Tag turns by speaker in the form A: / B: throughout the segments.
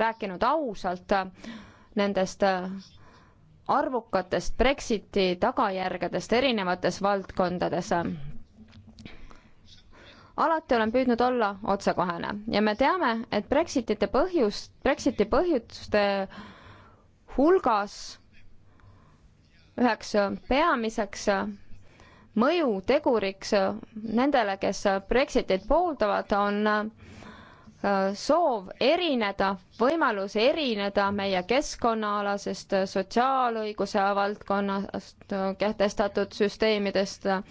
A: rääkinud ausalt nendest äh, arvukatest Brexiti tagajärgedest erinevates valdkondades. alati olen püüdnud olla otsekohene ja me teame, et Brexitite põhjus, Brexiti põhjuste hulgas üheks peamiseks mõjuteguriks nendele, kes Brexitit pooldavad, on soov erineda, võimalus erineda meie keskkonnaalasest sotsiaalõiguse valdkonnast äh, kehtestatud süsteemidest äh,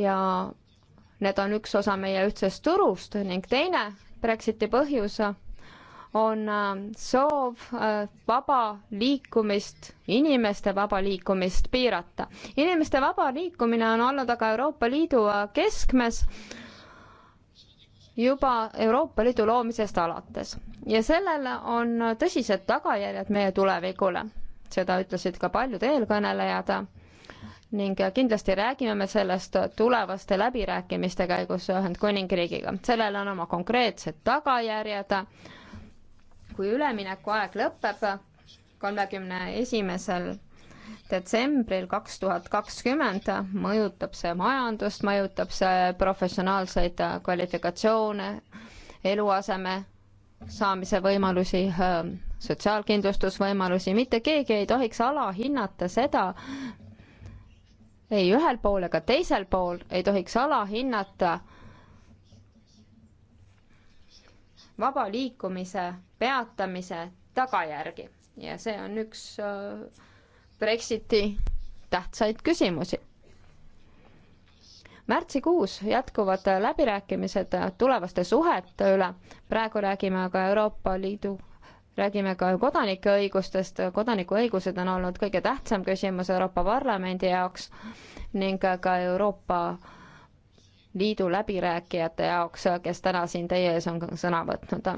A: ja need on üks osa meie ühtsest turust ning teine Brexiti põhjus on äh, soov vaba liikumist, inimeste vaba liikumist piirata. inimeste vaba liikumine on olnud aga Euroopa Liidu keskmes juba Euroopa Liidu loomisest alates ja sellel on tõsised tagajärjed meie tulevikule. seda ütlesid ka paljud eelkõnelejad ning kindlasti räägime me sellest tulevaste läbirääkimiste käigus Ühendkuningriigiga. sellel on oma konkreetsed tagajärjed. kui üleminekuaeg lõpeb kolmekümne esimesel detsembril kaks tuhat kakskümmend mõjutab see majandust, mõjutab see professionaalseid kvalifikatsioone, eluaseme saamise võimalusi, ähm, sotsiaalkindlustusvõimalusi, mitte keegi ei tohiks alahinnata seda, ei ühel pool ega teisel pool ei tohiks alahinnata vaba liikumise peatamise tagajärgi ja see on üks äh, Brexiti tähtsaid küsimusi. märtsikuus jätkuvad läbirääkimised tulevaste suhete üle, praegu räägime aga Euroopa Liidu räägime ka kodanike õigustest, kodanikuõigused on olnud kõige tähtsam küsimus Euroopa Parlamendi jaoks ning ka Euroopa Liidu läbirääkijate jaoks, kes täna siin teie ees on sõna võtnud.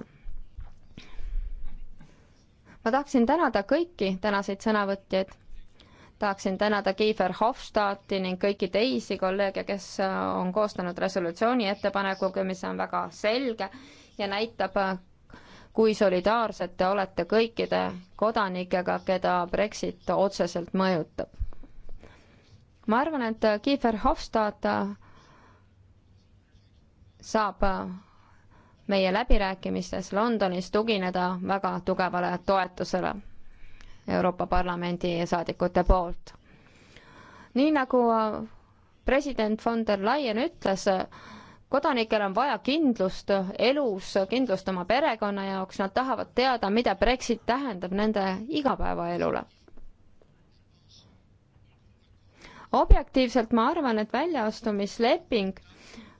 A: ma tahaksin tänada kõiki tänaseid sõnavõtjaid tahaksin tänada Kiefer Hofstadti ning kõiki teisi kolleege, kes äh, on koostanud resolutsiooni ettepanekuga, mis on väga selge ja näitab, äh, kui solidaarsed te olete kõikide kodanikega, keda Brexit otseselt mõjutab. ma arvan, et äh, Kiefer Hofstadt saab meie läbirääkimistes Londonis tugineda väga tugevale toetusele Euroopa Parlamendi saadikute poolt. nii nagu äh, president von der Leyen ütles, kodanikel on vaja kindlust elus, kindlust oma perekonna jaoks, nad tahavad teada, mida Brexit tähendab nende igapäevaelule. objektiivselt ma arvan, et väljaastumisleping,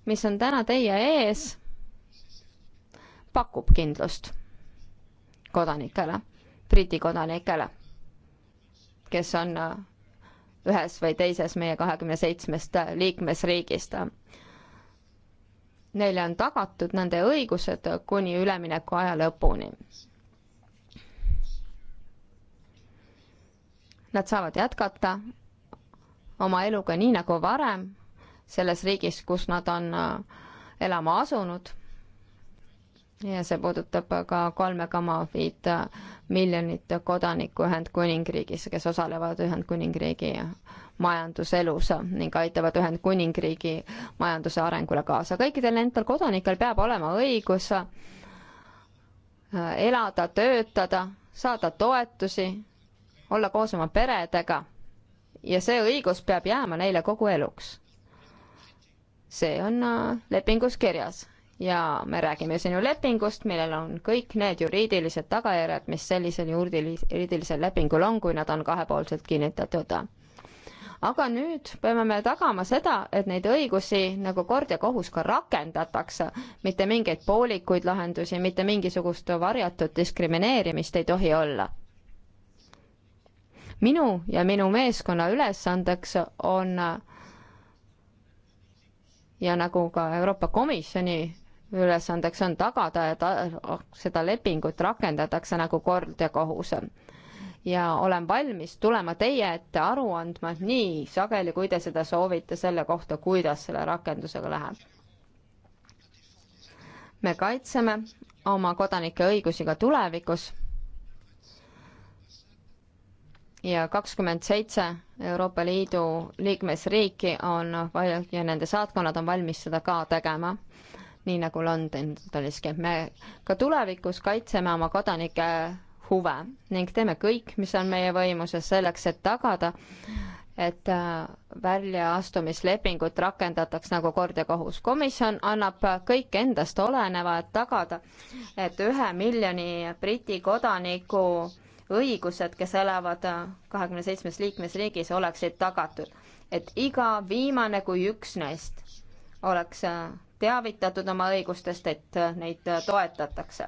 A: mis on täna teie ees, pakub kindlust kodanikele Briti kodanikele, kes on äh, ühes või teises meie kahekümne seitsmest äh, liikmesriigist. Neile on tagatud nende õigused kuni ülemineku aja lõpuni. Nad saavad jätkata oma eluga nii nagu varem selles riigis, kus nad on äh, elama asunud ja see puudutab ka kolme koma viit miljonit kodanikku Ühendkuningriigis, kes osalevad Ühendkuningriigi majanduselus ning aitavad Ühendkuningriigi majanduse arengule kaasa. kõikidel nendel kodanikel peab olema õigus elada, töötada, saada toetusi, olla koos oma peredega ja see õigus peab jääma neile kogu eluks. see on äh, lepingus kirjas ja me räägime siin ju lepingust, millel on kõik need juriidilised tagajärjed, mis sellisel juriidilisel lepingul on, kui nad on kahepoolselt kinnitatud. aga nüüd peame me tagama seda, et neid õigusi nagu kord ja kohus ka rakendatakse, mitte mingeid poolikuid lahendusi, mitte mingisugust varjatud diskrimineerimist ei tohi olla minu ja minu meeskonna ülesandeks on ja nagu ka Euroopa Komisjoni ülesandeks on tagada, et seda lepingut rakendatakse nagu kord ja kohus. ja olen valmis tulema teie ette aru andma nii sageli, kui te seda soovite, selle kohta, kuidas selle rakendusega läheb. me kaitseme oma kodanike õigusi ka tulevikus ja kakskümmend seitse Euroopa Liidu liikmesriiki on ja nende saatkonnad on valmis seda ka tegema nii nagu Londoniski. me ka tulevikus kaitseme oma kodanike huve ning teeme kõik, mis on meie võimuses selleks, et tagada, et äh, väljaastumislepingut rakendataks nagu kord ja kohus. komisjon annab kõik endast oleneva, et tagada, et ühe miljoni Briti kodaniku õigused, kes elavad äh, kahekümne seitsmes liikmesriigis, oleksid tagatud. et iga viimane kui üks neist oleks äh, teavitatud oma õigustest, et äh, neid äh, toetatakse.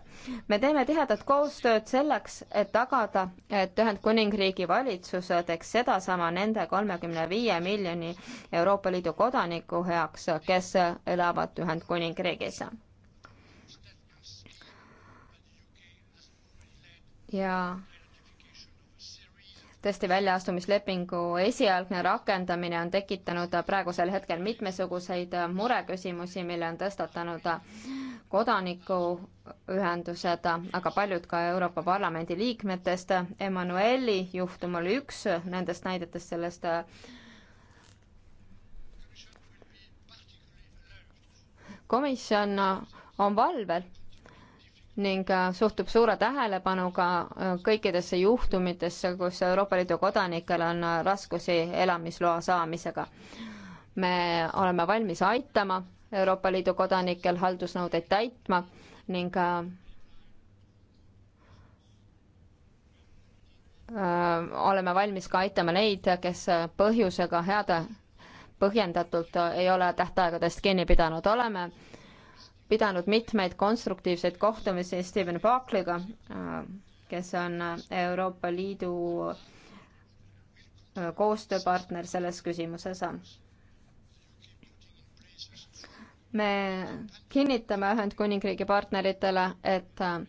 A: me teeme tihedat koostööd selleks, et tagada, et Ühendkuningriigi valitsus teeks sedasama nende kolmekümne viie miljoni Euroopa Liidu kodaniku heaks, kes elavad Ühendkuningriigis. ja tõesti väljaastumislepingu esialgne rakendamine on tekitanud praegusel hetkel mitmesuguseid mureküsimusi, mille on tõstatanud kodanikuühendused, aga paljud ka Euroopa Parlamendi liikmetest. Emmanueli juhtum oli üks nendest näidetest sellest komisjon on valvel ning äh, suhtub suure tähelepanuga äh, kõikidesse juhtumitesse, kus Euroopa Liidu kodanikel on äh, raskusi elamisloa saamisega. me oleme valmis aitama Euroopa Liidu kodanikel haldusnõudeid täitma ning oleme valmis ka aitama neid, kes põhjusega heade põhjendatult ei ole tähtaegadest kinni pidanud, oleme pidanud mitmeid konstruktiivseid kohtumisi Stephen Barclay'ga, äh, kes on Euroopa Liidu äh, koostööpartner selles küsimuses. me kinnitame Ühendkuningriigi partneritele, et äh,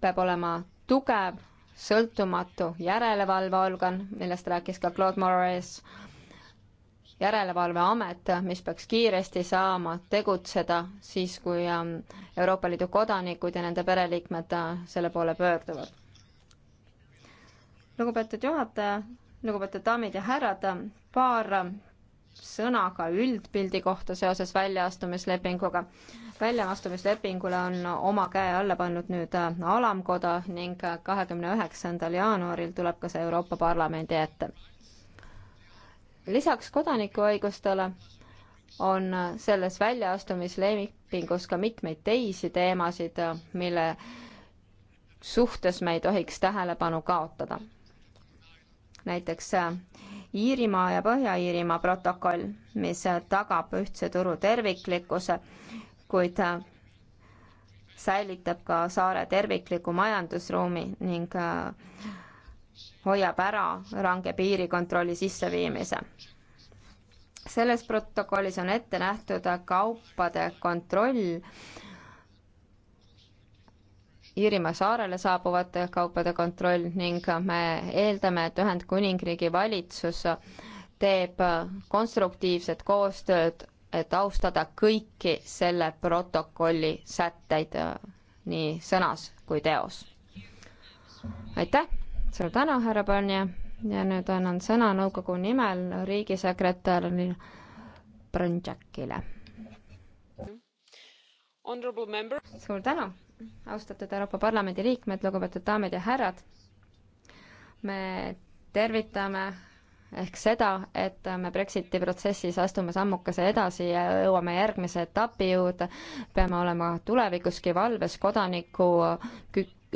A: peab olema tugev, sõltumatu järelevalveorgan, millest rääkis ka Claude Moraes järelevalveamet, mis peaks kiiresti saama tegutseda siis, kui ähm, Euroopa Liidu kodanikud ja nende pereliikmed äh, selle poole pöörduvad. lugupeetud juhataja, lugupeetud daamid ja härrad, paar sõna ka üldpildi kohta seoses väljaastumislepinguga. väljaastumislepingule on oma käe alla pannud nüüd äh, alamkoda ning äh, kahekümne üheksandal jaanuaril tuleb ka see Euroopa Parlamendi ette lisaks kodanikuõigustele on selles väljaastumislepingus ka mitmeid teisi teemasid, mille suhtes me ei tohiks tähelepanu kaotada. näiteks äh, Iirimaa ja Põhja-Iirimaa protokoll, mis äh, tagab ühtse turu terviklikkuse, kuid äh, säilitab ka saare tervikliku majandusruumi ning äh, hoiab ära range piirikontrolli sisseviimise. selles protokollis on ette nähtud kaupade kontroll Iirimaa saarele saabuvate kaupade kontroll ning me eeldame, et Ühendkuningriigi valitsus teeb konstruktiivset koostööd, et austada kõiki selle protokolli sätteid nii sõnas kui teos. aitäh! suur tänu, härra Põlje ja nüüd annan sõna nõukogu nimel riigisekretär Brõndžakile. suur tänu, austatud Euroopa Parlamendi liikmed, lugupeetud daamid ja härrad. me tervitame ehk seda, et me Brexiti protsessis astume sammukese edasi ja jõuame järgmise etapi juurde, peame olema tulevikuski valves kodaniku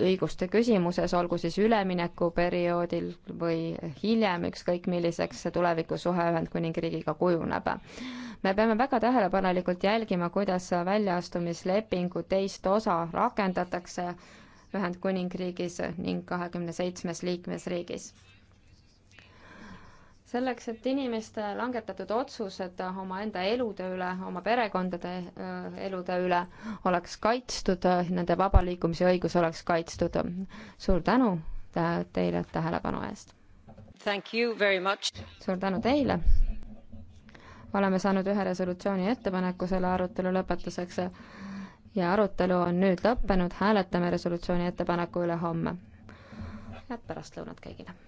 A: õiguste küsimuses, olgu siis üleminekuperioodil või hiljem, ükskõik milliseks see tulevikusuhe Ühendkuningriigiga kujuneb. me peame väga tähelepanelikult jälgima, kuidas väljaastumislepingu teist osa rakendatakse Ühendkuningriigis ning kahekümne seitsmes liikmesriigis selleks, et inimeste langetatud otsused omaenda elude üle, oma perekondade äh, elude üle oleks kaitstud, nende vaba liikumise õigus oleks kaitstud. suur tänu teile tähelepanu eest! suur tänu teile! oleme saanud ühe resolutsiooni ettepaneku selle arutelu lõpetuseks ja arutelu on nüüd lõppenud, hääletame resolutsiooni ettepaneku üle homme. head pärastlõunat kõigile!